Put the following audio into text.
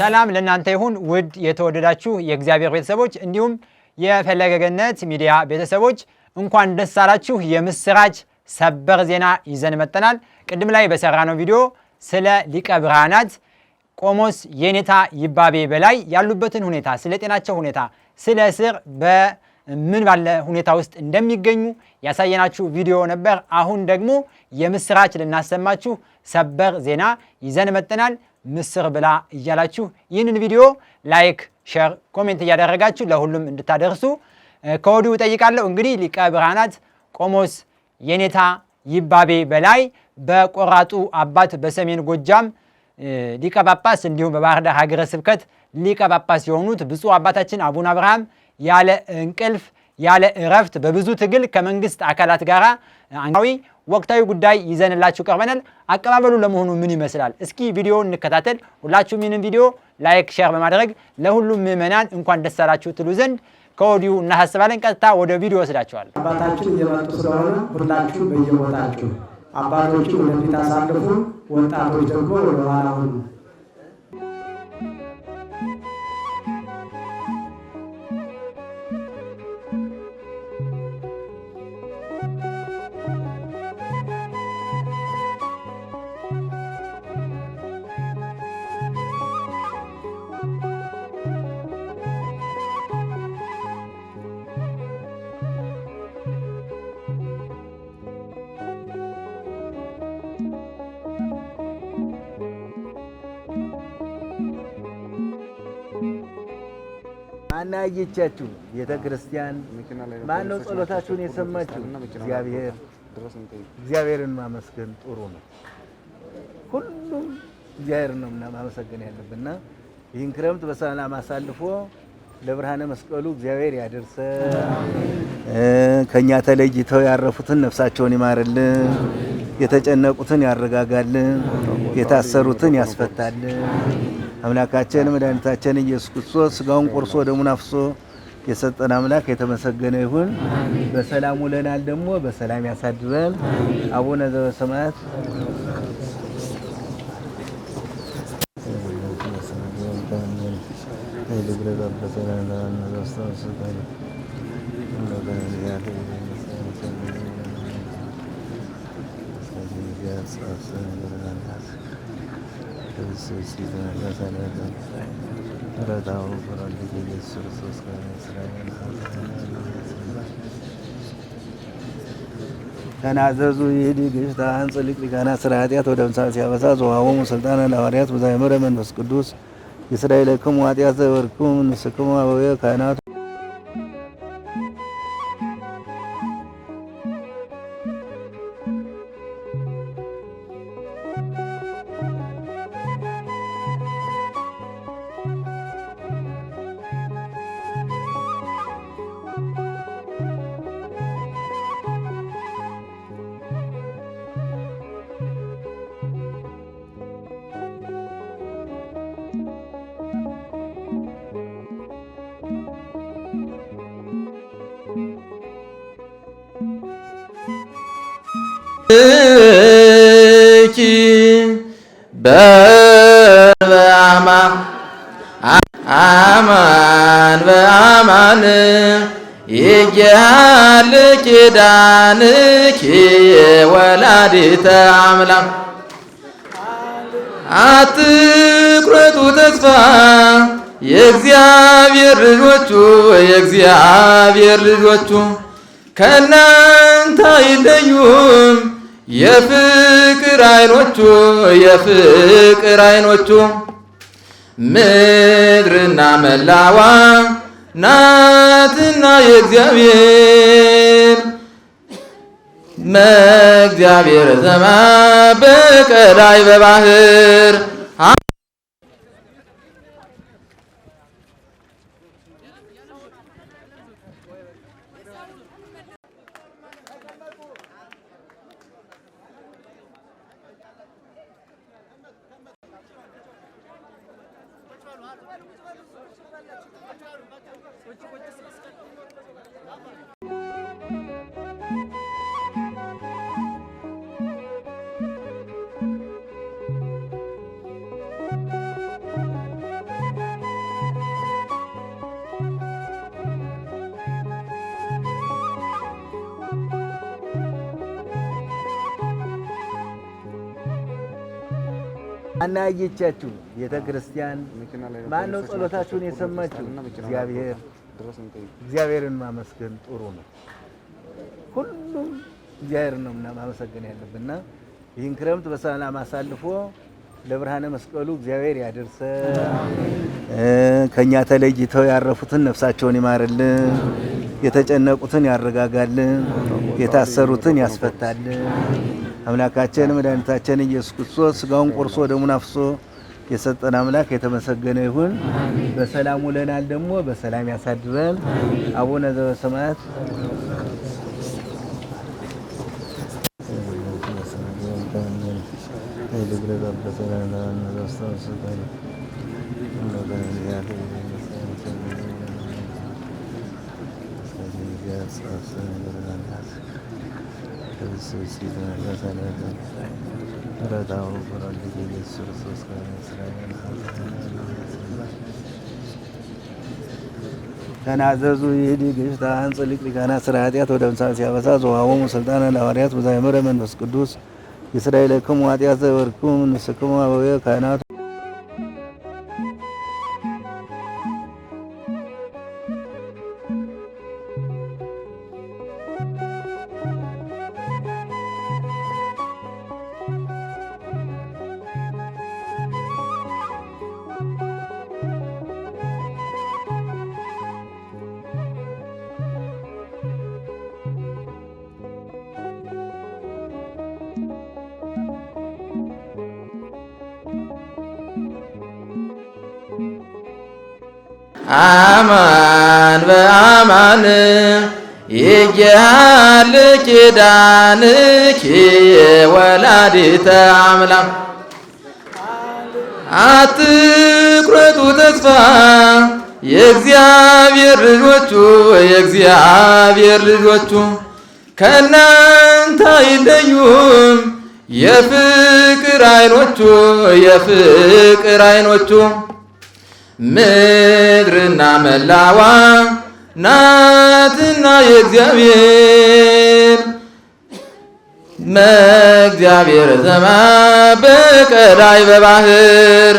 ሰላም ለእናንተ ይሁን ውድ የተወደዳችሁ የእግዚአብሔር ቤተሰቦች እንዲሁም የፈለገ ገነት ሚዲያ ቤተሰቦች እንኳን ደስ አላችሁ። የምስራች ሰበር ዜና ይዘን መጥተናል። ቅድም ላይ በሰራነው ቪዲዮ ስለ ሊቀ ብርሃናት ቆሞስ የኔታ ይባቤ በላይ ያሉበትን ሁኔታ፣ ስለ ጤናቸው ሁኔታ፣ ስለ እስር በምን ባለ ሁኔታ ውስጥ እንደሚገኙ ያሳየናችሁ ቪዲዮ ነበር። አሁን ደግሞ የምስራች ልናሰማችሁ ሰበር ዜና ይዘን መጥተናል። ምስር ብላ እያላችሁ ይህንን ቪዲዮ ላይክ፣ ሼር፣ ኮሜንት እያደረጋችሁ ለሁሉም እንድታደርሱ ከወዲሁ ጠይቃለሁ እንግዲህ ሊቀ ብርሃናት ቆሞስ የኔታ ይባቤ በላይ በቆራጡ አባት በሰሜን ጎጃም ሊቀ ጳጳስ እንዲሁም በባህር ዳር ሀገረ ስብከት ሊቀ ጳጳስ የሆኑት ብፁዕ አባታችን አቡነ አብርሃም ያለ እንቅልፍ ያለ እረፍት በብዙ ትግል ከመንግስት አካላት ጋር አንዊ ወቅታዊ ጉዳይ ይዘንላችሁ ቀርበናል። አቀባበሉ ለመሆኑ ምን ይመስላል? እስኪ ቪዲዮ እንከታተል። ሁላችሁም ይህንን ቪዲዮ ላይክ፣ ሼር በማድረግ ለሁሉም ምዕመናን እንኳን ደስ አላችሁ ትሉ ዘንድ ከወዲሁ እናሳስባለን። ቀጥታ ወደ ቪዲዮ ወስዳችኋል። አባታችን እየመጡ ስለሆነ ሁላችሁ በየቦታችሁ አባቶችን ወደፊት አሳልፉ፣ ወጣቶች ደግሞ ወደኋላ ሁኑ። ማናየቻችሁ ቤተ ክርስቲያን ማነው ጸሎታችሁን የሰማችሁ? እግዚአብሔር እግዚአብሔርን ማመስገን ጥሩ ነው። ሁሉም እግዚአብሔር ነው ማመሰገን ያለብንና ይህን ክረምት በሰላም አሳልፎ ለብርሃነ መስቀሉ እግዚአብሔር ያደርሰ። ከእኛ ተለይተው ያረፉትን ነፍሳቸውን ይማርልን፣ የተጨነቁትን ያረጋጋልን፣ የታሰሩትን ያስፈታልን። አምላካችን መድኃኒታችን ኢየሱስ ክርስቶስ ስጋውን ቆርሶ ደሙን አፍሶ የሰጠን አምላክ የተመሰገነ ይሁን። በሰላም ውለናል፣ ደግሞ በሰላም ያሳድረን። አቡነ ዘበሰማያት Yes, تنعززوا يدي قشتا عن صليك لكانا سرعاتيات ودمسا سياباسات وهاوم سلطانا لاوريات مزايمرة من بس قدوس يسرعي لكم واتيات زوركم نسكم وابوية كائنات አማን በአማን ይጌሃል ኪዳንኪ ወላዲተ አምላክ አትቁረጡ ተስፋ የእግዚአብሔር ልጆቹ የእግዚአብሔር ልጆቹ ከእናንተ አይለዩም። የፍቅር አይኖቹ የፍቅር አይኖቹ ምድርና መላዋ ናትና የእግዚአብሔር መእግዚአብሔር ዘማ በቀላይ በባህር వచ్చి వచ్చి አናያየቻችሁ ቤተ ክርስቲያን ማነው ጸሎታችሁን የሰማችሁ? እግዚአብሔር እግዚአብሔርን ማመስገን ጥሩ ነው። ሁሉም እግዚአብሔርን ነው ማመሰገን ያለብንና ይህን ክረምት በሰላም አሳልፎ ለብርሃነ መስቀሉ እግዚአብሔር ያደርሰን። ከእኛ ተለይተው ያረፉትን ነፍሳቸውን ይማርልን፣ የተጨነቁትን ያረጋጋልን፣ የታሰሩትን ያስፈታልን። አምላካችን መድኃኒታችን ኢየሱስ ክርስቶስ ስጋውን ቆርሶ ደሙን አፍሶ የሰጠን አምላክ የተመሰገነ ይሁን። በሰላም ውለናል፣ ደግሞ በሰላም ያሳድረን። አቡነ ዘበሰማያት ተናዘዙ ይህዲ ግሽታ አንጽ ሊቅ ሊቃናት ስራ ኃጢአት ወደ ምሳን ሲያበሳ ዘውሃቦሙ ስልጣነ ለሐዋርያት በዛይመረ መንፈስ ቅዱስ ይስራኤለክሙ ኃጢአት ዘወርክሙ ንስክሙ አበየ ካህናቱ አማን በአማን ይጌሃል ኪዳንኪ ወላዲተ አምላክ አትቁረጡ ተስፋ የእግዚአብሔር ልጆቹ የእግዚአብሔር ልጆቹ ከእናንተ አይለዩም የፍቅር አይኖቹ የፍቅር አይኖቹ ምድርና መላዋ ናትና የእግዚአብሔር መእግዚአብሔር ዘማ በቀላይ በባህር